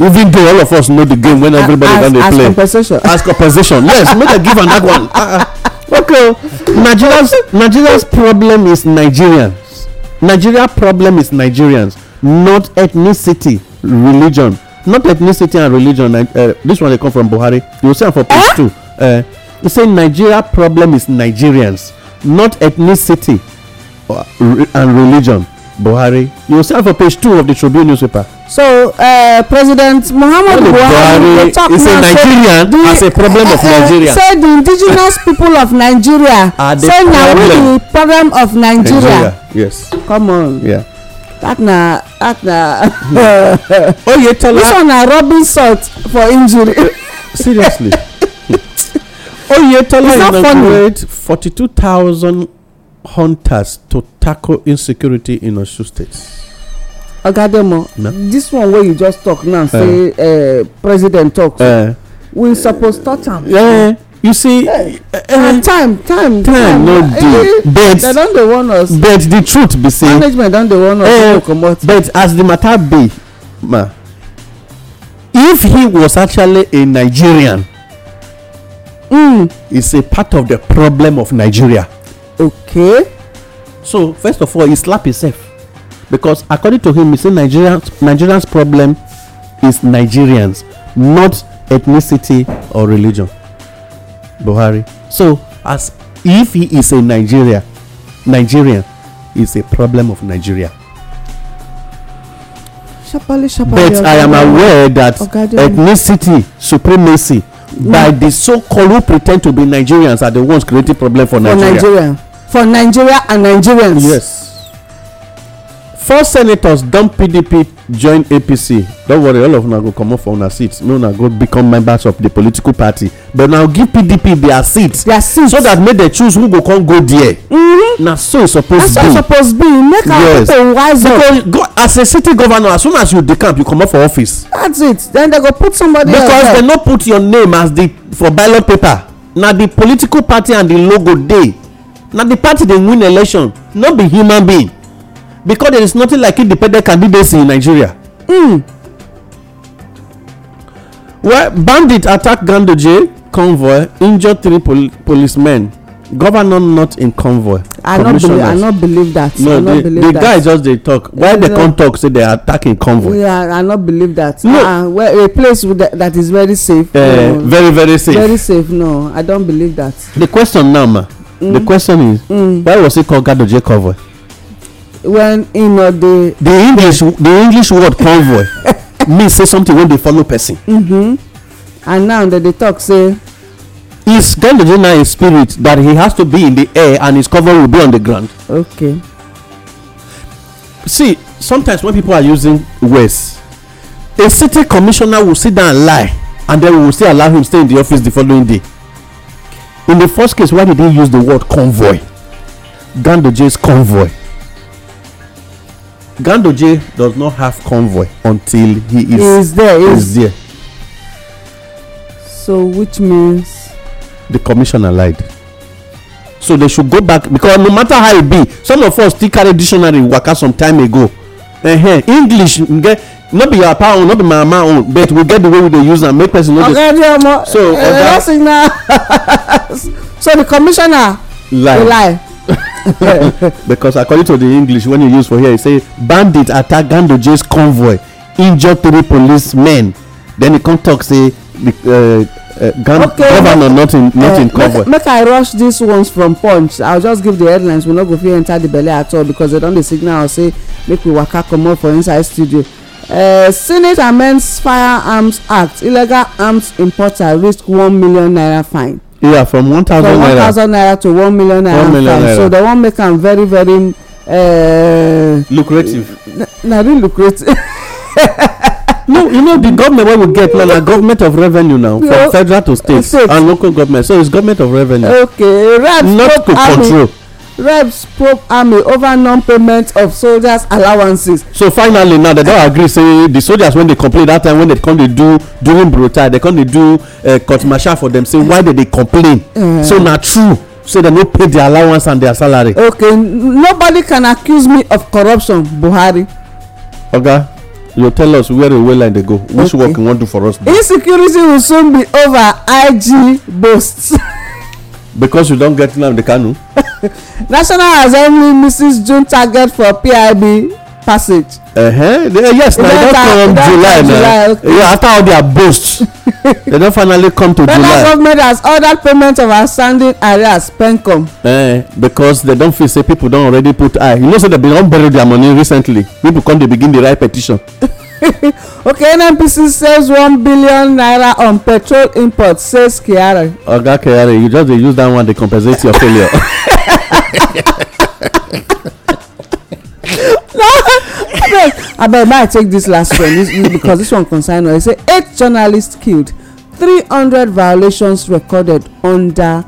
even though all of us know the game when everybody don dey play as compensation as compensation yes make dem give am dat one ah, ah. okay oh. Nigeria's Nigeria's problem is nigerians nigeria problem is nigerians not ethnicity religion not ethnicity and religion uh, this one dey come from buhari you go see am for eh? page two uh, e say nigeria problem is nigerians not ethnicity uh, and religion. Buhari. You will see for page two of the Tribune newspaper. So, uh, President Muhammadu Buhari, Buhari is a Nigerian the, as a problem of uh, uh Nigeria. Say the indigenous people of Nigeria. Are the say now the problem of Nigeria. Nigeria. Yes. Come on. Yeah. That na that na. Hmm. Oyetola. This one na rubbing salt for injury. Uh, seriously. Oyetola inaugurated 42,000 hunters to tackle insecurity in Osun State. Ogademo, this one wey you just talk now eh. say eh, president talk eh. we suppose touch am. Yeah. you see time time time no dey but dem don dey warn us but the truth be say management don dey warn us to comot but as the matter be ma if he was actually a nigerian mm. is a part of the problem of nigeria okay so first of all he slap himself because according to him he say nigerians nigerians problem is nigerians not ethnicity or religion buhari so as if he is a nigeria nigerian is a problem of nigeria Shabali, shabali, but i am aware that ethnicity supremacy by mm. the so-called who pretend to be Nigerians are the ones creating problem for Nigeria. For Nigeria, for Nigeria and Nigerians. Yes four senators don pdp join apc don worry all of una go comot for una seats make una go become members of di political party but now give pdp dia seats so dat make dem choose who go come go there mm-hmm. na so e suppose e be make our pipo wise up as a city governor as soon as you decamp you comot for office that's it then dem go put somebody else because dem no put your name as the for ballot paper na di political party and di logo dey na di party dey win election no be human being because there is nothing like independent candidates in nigeria mm. well bandits attack gandoje convoy injure three pol policemen governor not in convoy i not believe i not believe that no the guy just dey talk why they come talk say they attack in convoy yeah i not believe that no ah, well a place that is very safe eh, no very very safe very safe no i don believe that. the question now ma the mm. question is mm. why was it called gandoje convoy when e no dey. the english the english word convoy mean say something wey dey follow person. Mm -hmm. and now dem dey talk say. is god now in spirit that he has to be in the air and his covering will be on the ground. okay. see sometimes when people are using words a city commissioner will sit down and lie and then we will still allow him stay in the office the following day in the first case why did he use the word convoy gandoje's convoy Gandoje does not have convoy until he is, he is there. He is there. So which means the commissioner lied. So they should go back because no matter how it be, some of us still carry dictionary waka some time ago. Uh-huh. English nge no be your power, not be my mama own but we get the way we dey use am make person no dey. ọ̀gá ẹ̀dí ọmọ so ọ̀gá eh, so the commissioner lie lie because according to the english when you use for here e say bandits attack gandoje's convoy injure three policemen then e come talk say the uh, uh, governor not in not uh, in convoy make i rush this ones from punch i'll just give the headlines we no go fit enter the belle at all because they don dey signal us say make we waka comot for inside studio senate amends firearms act illegal arms importer risk one million naira fine yeah from one thousand naira from one thousand naira to one million naira one million naira so they wan make am very very. Uh, lucrative. na really lucrative. no you know the government wey we get now na government of revenue now from federal to state and local government so it's government of revenue. okay rats not to control reps probe army over non-payment of soldiers allowances. so finally now they don agree say the soldiers wey dey complain dat time when dem come dey do during brutal dem come dey do uh, court martial for dem say why dem dey complain mm. so na true say dem no pay their allowance and their salary. okay nobody can accuse me of corruption buhari. oga you tell us where the way line dey go which work you wan do for us. insecurity will soon be over ig boasts. because we don get the kanu. national assembly Mrs. june target for pib passage. Uh-huh. Uh -huh. yes na don come july na okay. yeah, after all their boasts they don finally come to federal july. federal government has ordered payment of outstanding arrears pencom. Uh, because they don feel say people don already put eye you know say so they bin don borrow their money recently people come dey begin dey write petition. okay nnpc saves one billion naira on petrol imports says kyari. oga kyari you just dey use that one dey compensate your failure. abeg may i take this last one this, this, because this one concern us e say eight journalists killed three hundred violations recorded under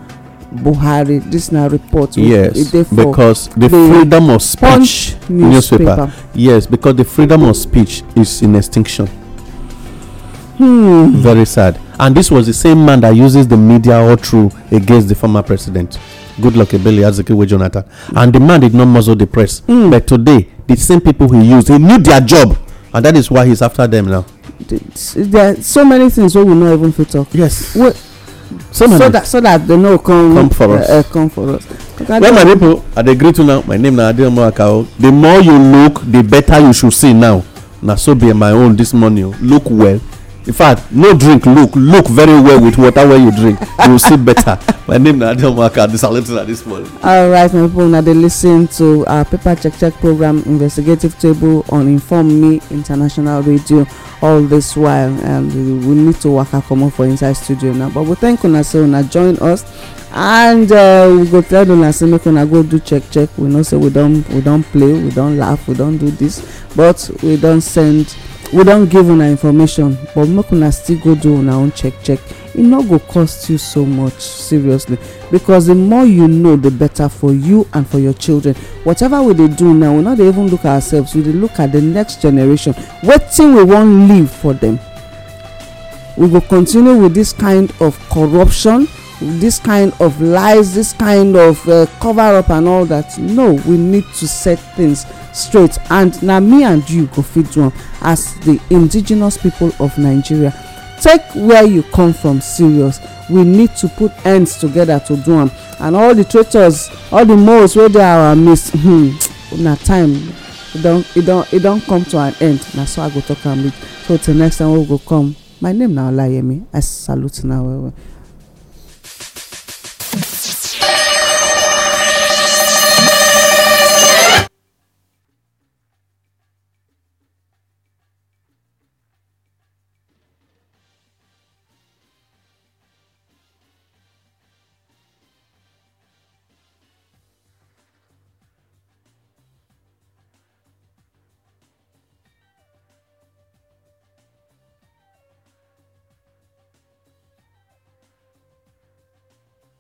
buhari this na report yes e because the freedom of speech newspaper yes because the freedom of speech is in extinction hmm very sad and this was the same man that uses the media all through against the former president good luck ebele azikiwe jonathan and the man did not muzzle the press mm. but today the same people he used he knew their job and that is why he's after them now there are so many things wey we no even fit talk yes so that so that they know come come for us uh, come for us. well my people i dey greet now. my name na adeomo akao the more you look the better you should see now na so be my own this morning oh. look well in fact no drink look look very well with water wey you drink you will see better my name na adeomo akao i dey salute una this morning. all right my people Now they listen to our paper check check program investigative table on inform me international radio all this while and we need to waka comot for inside studio now but we thank una say una join us and uh, we go tell una say make una go do check check we know say we don we don play we don laugh we don do this but we don send we don give una information but make una still go do una own check check e no go cost you so much seriously because the more you know the better for you and for your children whatever we dey do now we no dey even look ourselves we dey look at the next generation wetin we wan leave for them we go continue with this kind of corruption this kind of lies this kind of uh, cover up and all that no we need to set things straight and na me and you go fit do am as the indigenous people of nigeria take where you come from serious we need to put ends together to do am and all the traitors all the moles wey dey our midst hmm, na time e don e don e don come to an end na so i go talk am reach so till next time wey we go come my name na olayemi i salute una well well.